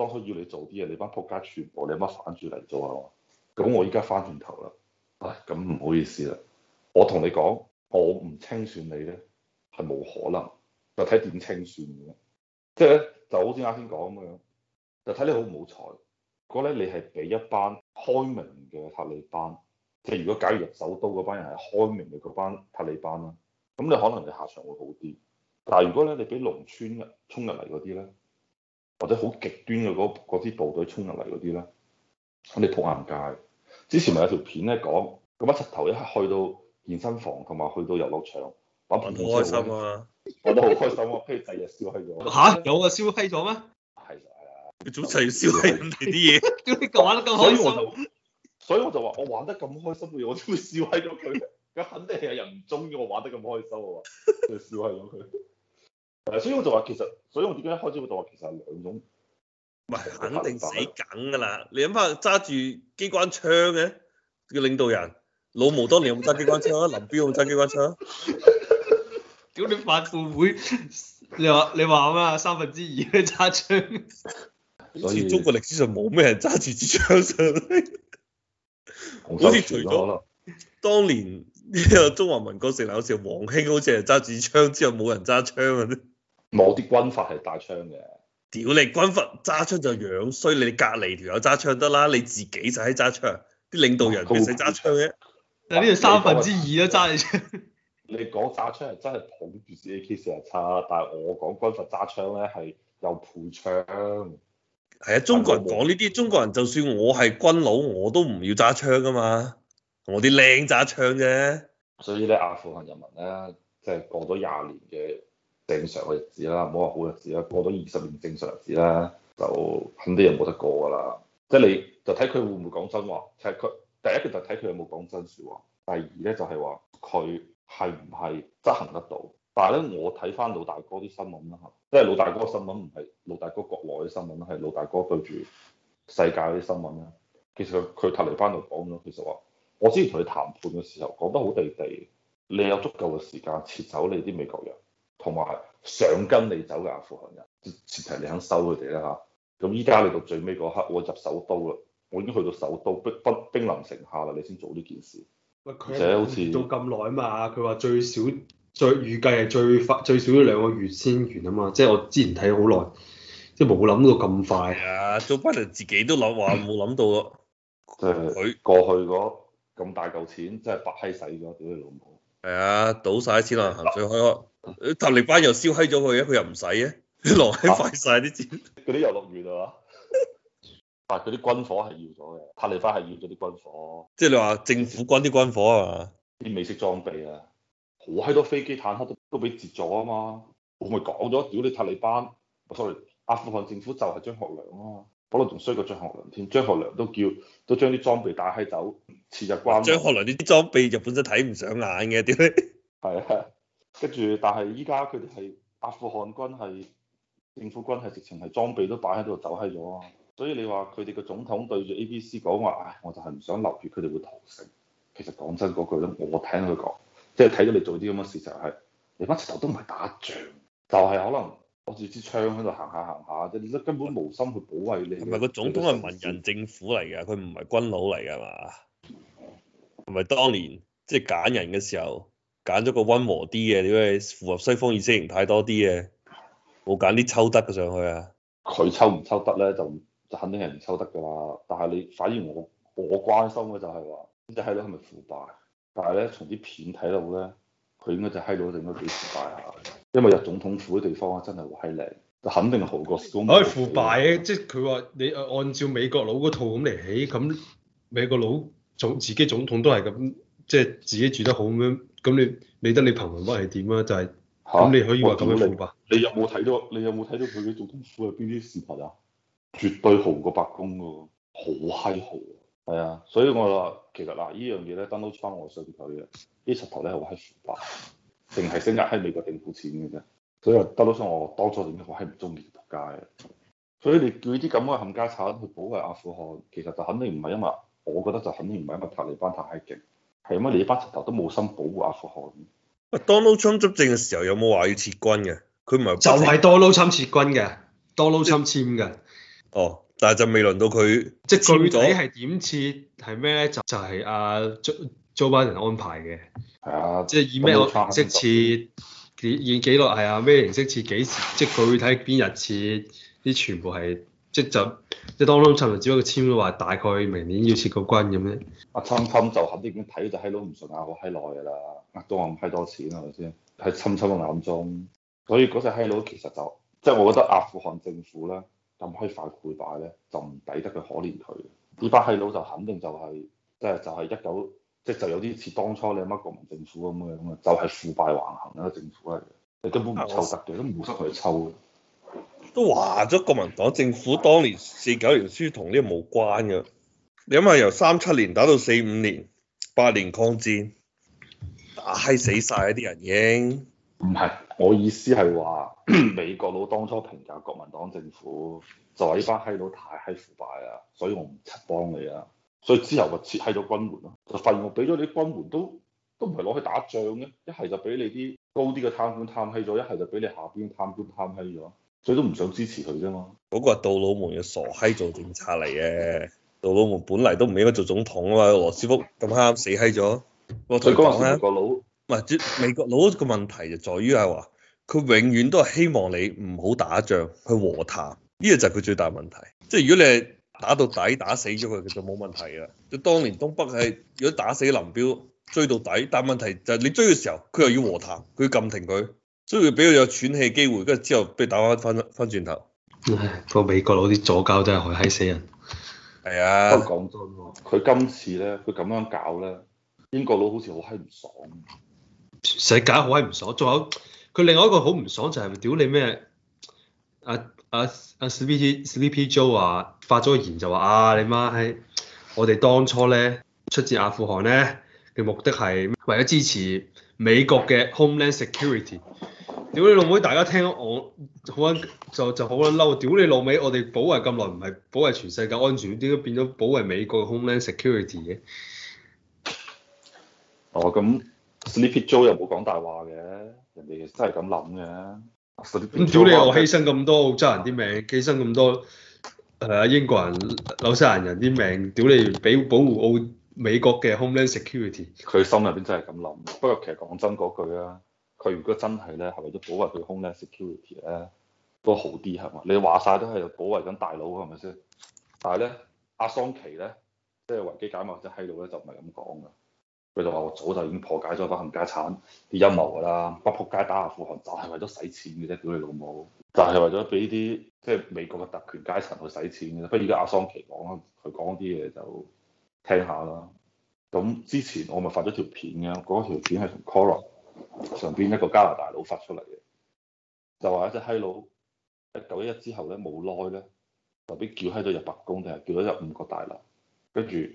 當初要你做啲嘢，你班仆街全部你乜反轉嚟做係嘛？咁我依家翻轉頭啦，唉，咁唔好意思啦，我同你講，我唔清算你咧，係冇可能，就睇點清算嘅，即係咧就好似啱先講咁樣，就睇你好唔好彩。如果咧你係俾一班開明嘅塔利班，即係如果假如入首都嗰班人係開明嘅嗰班塔利班啦，咁你可能你下場會好啲。但係如果咧你俾農村衝入嚟嗰啲咧，或者好極端嘅嗰支部隊衝入嚟嗰啲咧，我哋撲硬街。之前咪有條片咧講，咁一柒頭一刻去到健身房同埋去到遊樂場玩，玩得好開心啊！玩得好開心啊！譬、 啊、如第日燒閪咗。吓有啊？燒閪咗咩？係啊係啊！早齊燒閪人啲嘢，叫你講得咁開心。所以我就話我玩得咁開心嘅嘢，我點會燒閪咗佢？咁肯定係有人唔中意，我玩得咁開心啊！就係燒閪咗佢。所以我就話其實，所以我自己一開始就話其實係兩種，唔係肯定死梗噶啦！你諗下揸住機關槍嘅叫領導人，老毛當年有冇揸機關槍啊？林彪有冇揸機關槍啊？屌 你反共會，你話你話咩？三分之二都揸槍，所以，以中國歷史上冇咩人揸住支槍上嚟，好似除咗了當年呢 個中華民國成立嗰時候，王興好似係揸住槍之後冇人揸槍嘅。冇啲軍閥係帶槍嘅，屌你軍閥揸槍就樣衰，你隔籬條友揸槍得啦，你自己就喺揸槍，啲領導人邊使揸槍嘅？槍但呢度三分之二都揸住槍。你講揸槍係真係捧住自己啲手差，但係我講軍閥揸槍咧係有配槍。係啊，中國人講呢啲，中國人就算我係軍佬，我都唔要揸槍噶嘛，我啲靚揸槍啫。所以咧，阿富汗人民咧，即係過咗廿年嘅。正常嘅日子啦，唔好話好日子啦。過咗二十年正常日子啦，就肯定又冇得過噶啦。即係你就睇佢會唔會講真話。其實佢第一嘅就睇佢有冇講真説話，第二呢就係話佢係唔係執行得到。但係呢，我睇翻老大哥啲新聞啦，即係老大哥新聞唔係老大哥國內嘅新聞啦，係老大哥對住世界啲新聞啦。其實佢佢提嚟翻度講咗，其實話我之前同你談判嘅時候講得好地地，你有足夠嘅時間撤走你啲美國人。同埋想跟你走嘅阿富汗人，前提你肯收佢哋啦嚇。咁依家你到最尾嗰刻，我入首都啦，我已經去到首都，兵兵兵臨城下啦，你先做呢件事。佢好似做咁耐啊嘛，佢話最少最預計係最快最少兩個月先完啊嘛，即係我之前睇好耐，即係冇諗到咁快。係啊，做不 a 自己都諗話冇諗到啊。誒，佢過去嗰咁大嚿錢，真係白閪使咗俾佢老母。係啊，倒晒啲錢啊，行水開開，啊、塔利班又燒閪咗佢啊，佢又唔使啊，狼閪廢晒啲錢，嗰啲遊樂園係嘛？但嗰啲軍火係要咗嘅，塔利班係要咗啲軍火，即係你話政府軍啲軍火啊嘛，啲美式裝備啊，好閪多飛機坦克都都俾截咗啊嘛，我咪講咗，如果你塔利班，唔係 sorry，阿富汗政府就係張學良啊。可能仲衰過張學良添，張學良都叫都將啲裝備打喺走，似就關。張學良啲裝備就本身睇唔上眼嘅，點咧？係啊，跟住但係依家佢哋係阿富汗軍係政府軍係，直情係裝備都擺喺度走喺咗啊！所以你話佢哋個總統對住 ABC 講話，我就係唔想留住佢哋會逃城。其實講真嗰句咧，我聽佢講，即係睇到你做啲咁嘅事就係，你乜柒都唔係打仗，就係、是、可能。攞住支槍喺度行下行下，你係根本無心去保衞你。係咪個總統係文人政府嚟嘅？佢唔係軍佬嚟嘅嘛？係咪當年即係揀人嘅時候，揀咗個温和啲嘅，因為符合西方意識形態多啲嘅，冇揀啲抽得嘅上去啊？佢抽唔抽得咧？就就肯定係唔抽得㗎啦。但係你反而我我關心嘅就係話，即係咧係咪腐敗？但係咧，從啲片睇到咧。佢應該就喺度，定應該幾腐敗下？因為入總統府嘅地方啊，真係好閪靚，就肯定豪過白宮，啊。可以腐敗嘅，即係佢話你誒按照美國佬嗰套咁嚟起，咁美國佬總自己總統都係咁，即係自己住得好咁樣，咁你理得你，你貧民窟係點啊？就係、是、嚇，咁、啊、你可以話咁樣明白。你，你有冇睇到？你有冇睇到佢嘅總統府係邊啲事物啊？絕對豪過白宮喎，啊，好閪豪。係啊，所以我話其實嗱，呢樣嘢咧，Donald Trump 我衰佢嘅呢頭咧好黑心白，淨係升壓喺美國政府錢嘅啫。所以我 Donald Trump 我當初點解我係唔中意撲街嘅？所以你叫啲咁嘅冚家鏟去保衛阿富汗，其實就肯定唔係因為我覺得就肯定唔係因為塔利班太勁，係因為你呢班柒頭都冇心保護阿富汗。Donald Trump 執政嘅時候有冇話要撤軍嘅？佢唔係就係 Donald Trump 撤軍嘅，Donald Trump 簽嘅。哦。但係就未輪到佢，即係具體係點撤係咩咧？就就係阿 Joe 班人安排嘅，係啊，即係以咩形式撤，以以幾耐係啊？咩形式撤幾時？即係具體邊日撤？啲全部係即就即係當中侵人，只不過簽咗話大概明年要撤個軍咁啫。阿侵侵就肯定已經睇嗰隻閪佬唔順啊，我閪耐噶啦，壓到我咁閪多錢係咪先？喺侵侵嘅眼中，所以嗰隻閪佬其實就即係、就是、我覺得阿富汗政府啦。就是咁開化腐敗咧，就唔抵得佢可憐佢。呢班閪佬就肯定就係，即係就係一九，即係就有啲似當初你乜國民政府咁嘅咁啊，就係腐敗橫行啊，政府嚟嘅，你根本唔抽得嘅，都冇得佢抽嘅。都話咗國民黨政府當年四九年輸同呢個無關嘅，你諗下由三七年打到四五年八年抗戰，打閪死晒啲人已經。唔係。我意思係話，美國佬當初評價國民黨政府就係呢班閪佬太閪腐敗啊，所以我唔幫你啊。所以之後咪撤閪咗軍援咯。就發現我俾咗你啲軍援都都唔係攞去打仗嘅，一係就俾你啲高啲嘅貪官貪閪咗，一係就俾你下邊貪官貪閪咗。所以都唔想支持佢啫嘛。嗰個係杜魯門嘅傻閪做政策嚟嘅，杜魯門本嚟都唔應該做總統啊嘛，羅斯福咁啱死閪咗。所以嗰個係美國佬。美國佬個問題就在於係話，佢永遠都係希望你唔好打仗，去和談，呢個就係佢最大問題。即係如果你係打到底打死咗佢，佢就冇問題啊。即係當年東北係如果打死林彪追到底，但問題就係你追嘅時候，佢又要和談，佢要撳停佢，所以佢俾佢有喘氣機會，跟住之後俾打翻翻翻轉頭。唉、哎，個美國佬啲左膠真係去，閪死人。係啊，講真，佢今次咧，佢咁樣搞咧，英國佬好似好閪唔爽。全世界好閪唔爽，仲有佢另外一個好唔爽就係、是、屌你咩啊啊啊 Sleepy Sleepy Joe 啊發咗言就話啊你媽閪！我哋當初咧出戰阿富汗咧嘅目的係為咗支持美國嘅 Homeland Security。屌你老妹，大家聽我好撚就就好撚嬲！屌你老味，我哋保衞咁耐唔係保衞全世界安全，點解變咗保衞美國嘅 Homeland Security 嘅？哦咁。Sleepy Joe 又冇講大話嘅，人哋真係咁諗嘅。咁屌你又犧牲咁多澳洲人啲命，是的 犧牲咁多係英國人、紐西蘭人啲命，屌你俾保護澳美國嘅 homeland security。佢心入邊真係咁諗，不過其實講真嗰句啊，佢如果真係咧，係為咗保護佢 homeland security 咧，都好啲係嘛？你話晒都係保護緊大佬係咪先？但係咧，阿桑奇咧，即係維基解密者喺度咧，就唔係咁講㗎。佢就話：我早就已經破解咗班冚家鏟啲陰謀啦，北仆街打下富汗就係為咗使錢嘅啫，屌你老母！就係、是、為咗俾啲即係美國嘅特權階層去使錢嘅啫。不如而家阿桑奇講啦，佢講啲嘢就聽下啦。咁之前我咪發咗條片嘅，嗰條片係從 Cora 上邊一個加拿大佬發出嚟嘅，就話一隻閪佬喺九一一之後咧冇耐咧，特別叫閪到入白宮定係叫咗入五角大樓，跟住。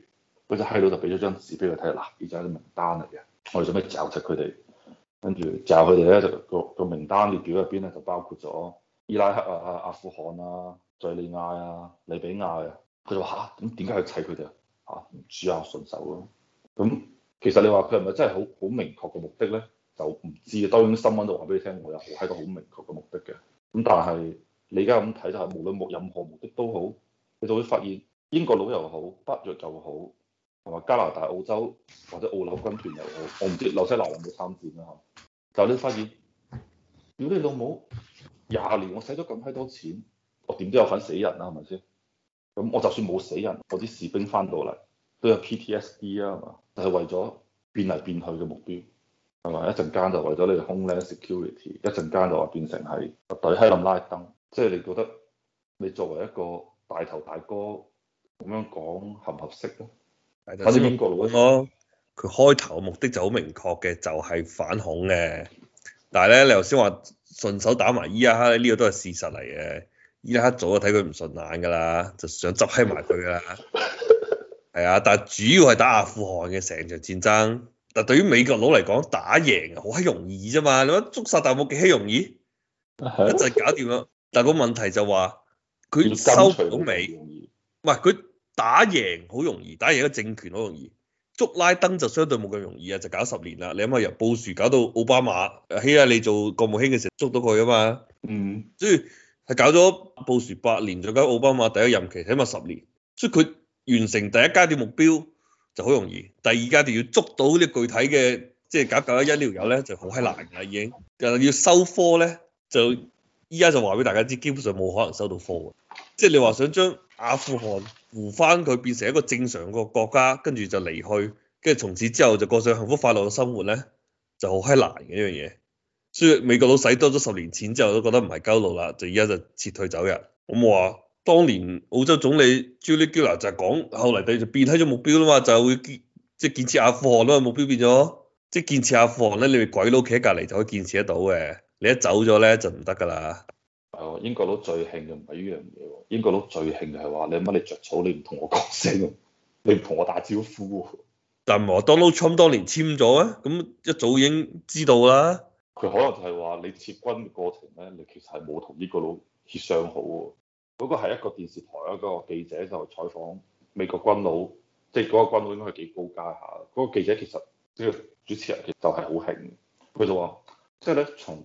佢就閪佬就俾咗張紙俾佢睇嗱，呢就係啲名單嚟嘅，我哋準備詐出佢哋，跟住詐佢哋咧就個個名單列表入邊咧就包括咗伊拉克啊、阿富汗啊、敍利亞啊、利比亞嘅、啊。佢就話嚇點點解要砌佢哋啊嚇？唔、啊、知啊順手咯、啊。咁其實你話佢係咪真係好好明確嘅目的咧？就唔知啊。當然新聞度話俾你聽，我有一個好明確嘅目的嘅。咁但係你而家咁睇就係、是、無論冇任何目的都好，你就會發現英國佬又好，北約又好。係咪加拿大、澳洲或者澳紐軍團又好，我唔知紐西蘭有冇參戰啦、啊、吓。但你發現，屌你老母，廿年我使咗咁閪多錢，我點都有份死人啦、啊，係咪先？咁我就算冇死人，我啲士兵翻到嚟都有 PTSD 啊，係嘛？就係、是、為咗變嚟變去嘅目標，係咪？一陣間就為咗你 Homeland Security，一陣間就話變成係對希林拉登。即、就、係、是、你覺得你作為一個大頭大哥咁樣講合唔合適咧？睇先先邊個咯，佢、嗯、開，開頭嘅目的就好明確嘅，就係、是、反恐嘅。但係咧，你頭先話順手打埋伊拉克呢、這個都係事實嚟嘅。伊拉克早就睇佢唔順眼噶啦，就想執起埋佢啦。係 啊，但係主要係打阿富汗嘅成場戰爭。但係對於美國佬嚟講，打贏好閪容易啫嘛，你話捉殺大漠幾閪容易， 一陣搞掂啦。但係個問題就話佢收唔到尾，唔係佢。打贏好容易，打贏咗政權好容易。捉拉登就相對冇咁容易啊，就搞十年啦。你諗下，由布殊搞到奧巴馬，起碼你做國務卿嘅時候捉到佢啊嘛。嗯，所以係搞咗布殊八年，再搞奧巴馬第一任期，起碼十年。所以佢完成第一階段目標就好容易，第二階段要捉到啲具體嘅，即係搞搞一一條友咧就好閪難啦已經。又要收科咧，就依家就話俾大家知，基本上冇可能收到科嘅。即係你話想將阿富汗扶翻佢變成一個正常個國家，跟住就離去，跟住從此之後就過上幸福快樂嘅生活咧，就好嗨難嘅呢樣嘢。所以美國佬使多咗十年錢之後都覺得唔係鳩路啦，就而家就撤退走人。咁我冇話，當年澳洲總理 Julie Gillard 就係講，後嚟突然就變閪咗目標啦嘛，就會即係建設阿富汗啦嘛，目標變咗，即係建設阿富汗咧，你哋鬼佬企喺隔籬就可以建設得到嘅，你一走咗咧就唔得㗎啦。英國佬最興就唔係呢樣嘢喎，英國佬最興就係話你乜你着草，你唔同我講聲，你唔同我打招呼。但係我 Donald 咁多年簽咗啊，咁一早已經知道啦。佢可能就係話你撤軍嘅過程咧，你其實係冇同呢個佬協商好喎。嗰個係一個電視台一個記者就採訪美國軍佬，即係嗰個軍佬應該係幾高階下，嗰個記者其實即係主持人，其實就係好興，佢就話即係咧從。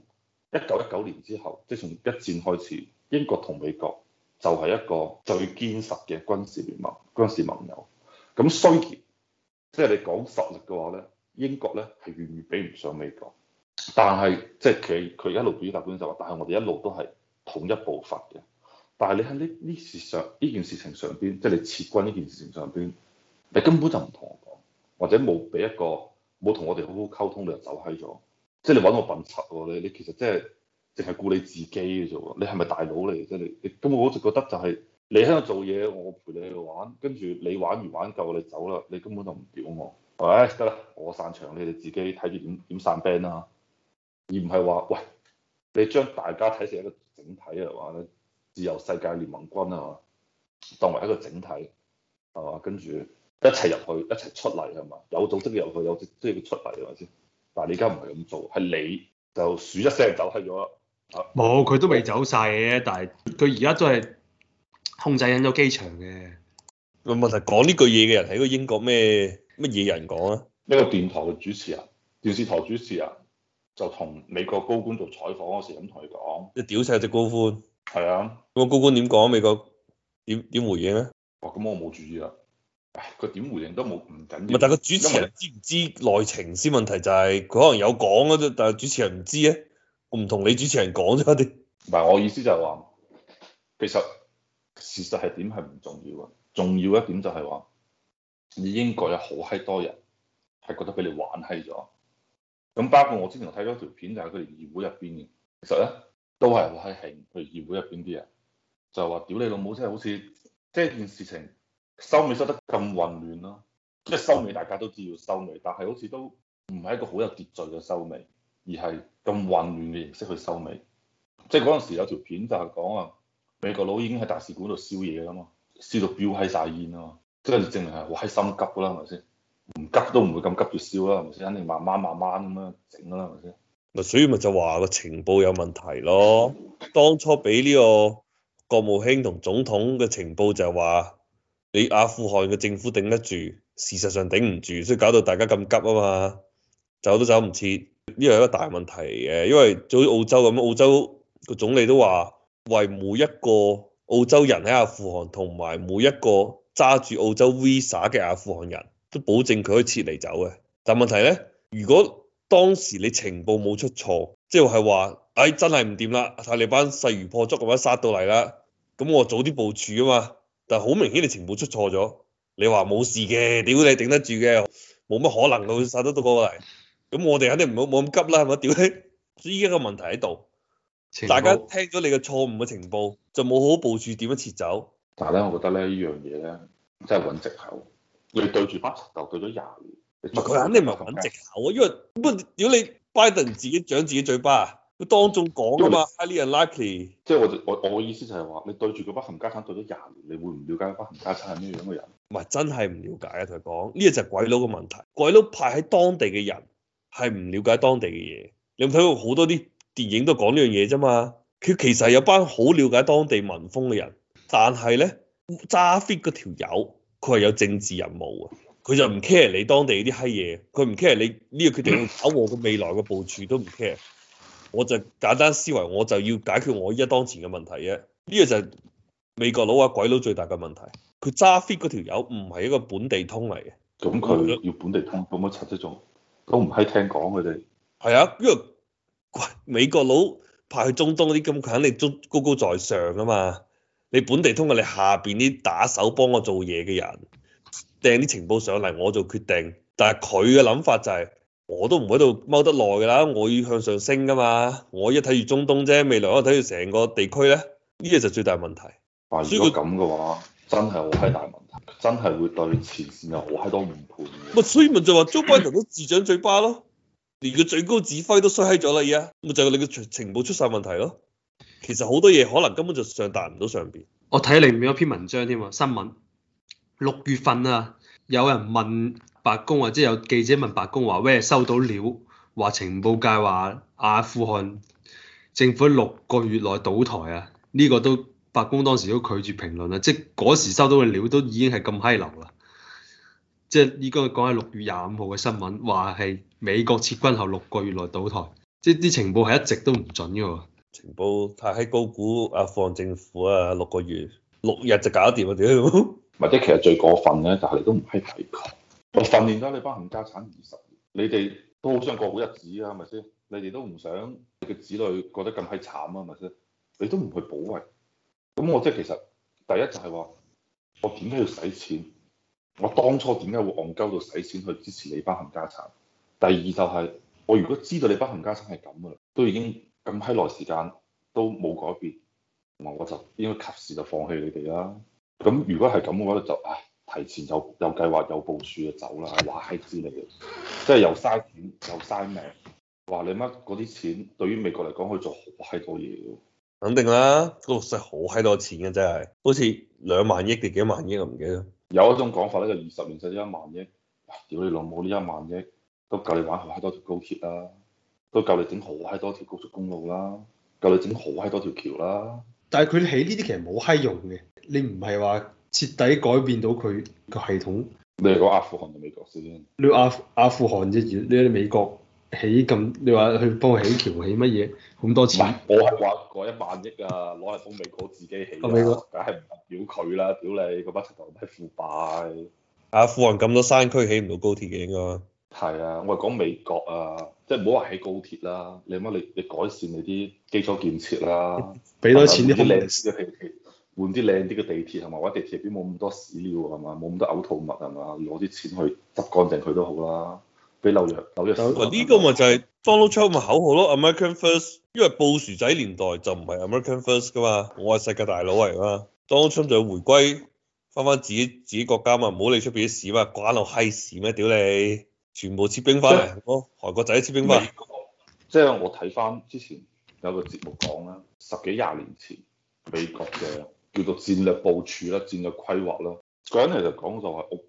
一九一九年之後，即係從一戰開始，英國同美國就係一個最堅實嘅軍事聯盟，軍事盟友。咁雖然即係你講實力嘅話咧，英國咧係遠遠比唔上美國。但係即係佢佢一路表達觀就話，但係我哋一路都係統一步伐嘅。但係你喺呢呢事上呢件事情上邊，即係你撤軍呢件事情上邊，你根本就唔同我講，或者冇俾一個冇同我哋好好溝通，你就走開咗。即係你揾我笨柒喎！你你其實即係淨係顧你自己嘅啫喎！你係咪大佬嚟嘅啫？你你根本我一直覺得就係你喺度做嘢，我陪你去玩，跟住你玩完玩夠，你走啦！你根本就唔屌我，係得啦？我散場，你哋自己睇住點點散 band 啦，而唔係話喂你將大家睇成一個整體嚟話，自由世界聯盟軍啊嘛，當為一個整體係嘛，跟住一齊入去，一齊出嚟係嘛？有組織入去，有組織出嚟係咪先？嗱，你而家唔係咁做，係你就説一聲走閪咗冇？佢、啊、都未走晒嘅，但係佢而家都係控制緊咗機場嘅。問題講呢句嘢嘅人係一個英國咩乜嘢人講啊？一個電台嘅主持人，電視台主持人就同美國高官做採訪嗰時咁同佢講，即屌晒隻高官。係啊，咁個高官點講？美國點點回應咧？哦，咁我冇注意啊。佢個點回應都冇，唔緊要。但係個主持人為知唔知內情先？問題就係、是、佢可能有講啊，啫，但係主持人唔知啊。我唔同你主持人講咗一啲。唔係我意思就係話，其實事實係點係唔重要啊。重要一點就係話，你英國有好閪多人係覺得俾你玩閪咗。咁包括我之前睇咗條片，就係佢哋議會入邊嘅，其實咧都係好閪興。譬如議會入邊啲人就話：屌你老母，真係好似即係件事情。收尾收得咁混亂咯，即係收尾大家都知要收尾，但係好似都唔係一個好有秩序嘅收尾，而係咁混亂嘅形式去收尾。即係嗰陣時有條片就係講啊，美國佬已經喺大使館度燒嘢啦嘛，燒到飆起晒煙啊嘛，即係證明係好閪心急噶啦，係咪先？唔急都唔會咁急住燒啦，係咪先？肯定慢慢慢慢咁樣整啦，係咪先？嗱，所以咪就話個情報有問題咯。當初俾呢個國務卿同總統嘅情報就係話。你阿富汗嘅政府頂得住，事實上頂唔住，所以搞到大家咁急啊嘛，走都走唔切，呢個係一個大問題，因為就好似澳洲咁，澳洲個總理都話為每一個澳洲人喺阿富汗同埋每一個揸住澳洲 Visa 嘅阿富汗人都保證佢可以撤離走嘅，但係問題咧，如果當時你情報冇出錯，即係話唉，真係唔掂啦，塔利班勢如破竹咁樣殺到嚟啦，咁我早啲部署啊嘛。但好明顯，你情報出錯咗。你話冇事嘅，屌你頂得住嘅，冇乜可能咯，會殺得到過嚟。咁我哋肯定唔好冇咁急啦，係咪？屌你，所以依家個問題喺度。報大家聽咗你嘅錯誤嘅情報，就冇好好部署點樣撤走。但係咧，我覺得咧呢樣嘢咧，真係揾藉口。你對住八十豆對咗廿年，佢肯定唔係揾藉口啊，因為屌你，拜登自己掌自己嘴巴。佢當眾講啊嘛 i 對 unlucky 即係我我我嘅意思就係話，你對住嗰筆行家產做咗廿年，你會唔了解嗰筆行家產係咩樣嘅人？唔係真係唔了解啊！同佢講呢，就係鬼佬嘅問題。鬼佬派喺當地嘅人係唔了解當地嘅嘢。你有冇睇過好多啲電影都講呢樣嘢啫嘛？佢其實有班好了解當地民風嘅人，但係咧揸 fit 嗰條友，佢係有政治任務啊！佢就唔 care 你當地啲閪嘢，佢唔 care 你呢個決定會搞我個未來嘅部署都唔 care。我就簡單思維，我就要解決我依家當前嘅問題啫。呢個就係美國佬啊鬼佬最大嘅問題。佢揸 fit 嗰條友唔係一個本地通嚟嘅。咁佢要本地通，咁乜柒啫仲？都唔閪聽講佢哋。係啊，因為美國佬派去中東啲，咁佢肯定都高高在上㗎嘛。你本地通係你下邊啲打手幫我做嘢嘅人，掟啲情報上嚟，我做決定。但係佢嘅諗法就係。我都唔喺度踎得耐㗎啦，我要向上升㗎嘛。我一睇住中東啫，未來我睇住成個地區咧，呢嘢就最大問題。如果所以佢咁嘅話，真係好閪大問題，真係會對前線又好閪多誤判嘅。 所以咪就話，Joe Biden 都自掌嘴巴咯，連個最高指揮都衰喺咗啦而家，咪就係你個情情報出晒問題咯。其實好多嘢可能根本就上達唔到上邊。我睇你一篇文章添啊，新聞六月份啊，有人問。白宮或者有記者問白宮話 w 收到料，話情報界話阿富汗政府六個月內倒台啊，呢、呢個都白宮當時都拒絕評論啦。即係嗰時收到嘅料都已經係咁閪流啦。即係依家講係六月廿五號嘅新聞，話係美國撤軍後六個月內倒台，即係啲情報係一直都唔準嘅喎。情報太喺高估阿富汗政府啊，六個月六日就搞掂啊？點？唔係其實最過分咧，但係你都唔閪睇。抵抗。我訓練咗你班冚家產二十年，你哋都好想過好日子啊，係咪先？你哋都唔想你個子女過得咁閪慘啊，係咪先？你都唔去保衛，咁我即係其實第一就係話，我點解要使錢？我當初點解會戇鳩到使錢去支持你班冚家產？第二就係、是、我如果知道你班冚家產係咁噶啦，都已經咁閪耐時間都冇改變，我就應該及時就放棄你哋啦。咁如果係咁嘅話，就唉。提前有有計劃有部署就走啦，話閪之類嘅，即係又嘥錢又嘥命，話你乜嗰啲錢對於美國嚟講可以做好閪多嘢嘅，肯定啦，嗰度使好閪多錢嘅真係，好似兩萬億定幾萬億啊，唔記得。有一種講法咧，就二十年使咗一萬億、呃，屌你老母呢一萬億都夠你玩好閪多條高鐵啦，啊，都夠你整好閪多條高速公路啦，啊，夠你整好閪多條橋啦，啊。但係佢起呢啲其實冇閪用嘅，你唔係話。徹底改變到佢個系統。你係講阿富汗定美國先？你阿阿富汗即係，你喺美國起咁，你話去幫佢起橋起乜嘢咁多錢？我係話個一萬億啊，攞嚟幫美國自己起。美國梗係唔屌佢啦，屌你個班柒頭咪腐敗。阿富汗咁多山區起唔到高鐵嘅應該。係啊，我係講美國啊，即係唔好話起高鐵啦，你諗下你你改善你啲基礎建設啦，俾多錢啲靚師嘅皮皮。是換啲靚啲嘅地鐵係嘛，或者地鐵入邊冇咁多屎尿係嘛，冇咁多嘔吐物係嘛，攞啲錢去執乾淨佢都好啦。俾紐約，紐約喂，呢個咪就係 Donald Trump 咪口號咯，American First。因為布殊仔年代就唔係 American First 㗎嘛，我係世界大佬嚟嘛。Donald Trump 就回歸翻翻自己自己國家嘛，唔好理出邊啲屎嘛，關我閪事咩？屌你，全部撤兵翻嚟，哦，韓國仔撤兵翻。即係、就是、我睇翻之前有個節目講啦，十幾廿年前美國嘅。叫做戰略部署啦，戰略規劃啦。講嚟就講就係屋，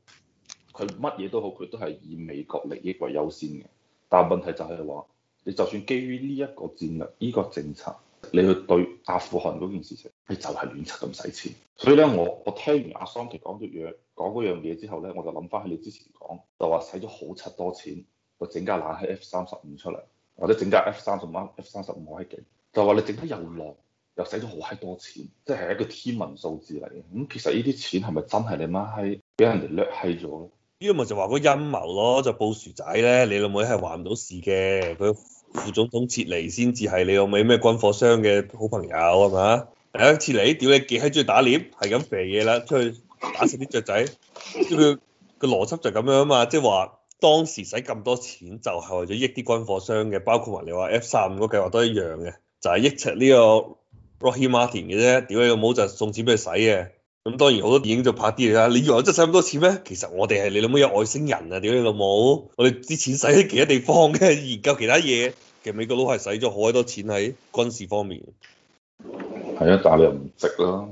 佢乜嘢都好，佢都係以美國利益為優先嘅。但問題就係話，你就算基於呢一個戰略，呢個政策，你去對阿富汗嗰件事情，你就係亂七咁使錢。所以咧，我我聽完阿桑奇講啲嘢，講嗰樣嘢之後咧，我就諗翻起你之前講，就話使咗好柒多錢，我整架冷喺 F 三十五出嚟，或者整架 F 三十五、F 三十五開幾，就話你整得又落。使咗好閪多錢，即係一個天文數字嚟嘅。咁、嗯、其實呢啲錢係咪真係你媽閪俾人哋掠閪咗呢個，咪就話個陰謀咯，就布殊仔咧。你老妹係話唔到事嘅。佢副總統切尼先至係你老妹咩軍火商嘅好朋友係嘛？啊，切尼屌你幾閪中意打獵，係咁肥嘢啦，出去打死啲雀仔。佢個 邏輯就咁樣啊嘛，即係話當時使咁多錢就係為咗益啲軍火商嘅，包括埋你話 F 三五個計劃都一樣嘅，就係益赤呢個。Rocky Martin 嘅啫，屌你老母就送錢俾佢使嘅，咁當然好多電影就拍啲嘢啦。你以為我真使咁多錢咩？其實我哋係你老母有外星人啊！屌你老母，我哋啲錢使喺其他地方嘅，研究其他嘢。其實美國佬係使咗好多錢喺軍事方面。係啊，但係又唔值啦。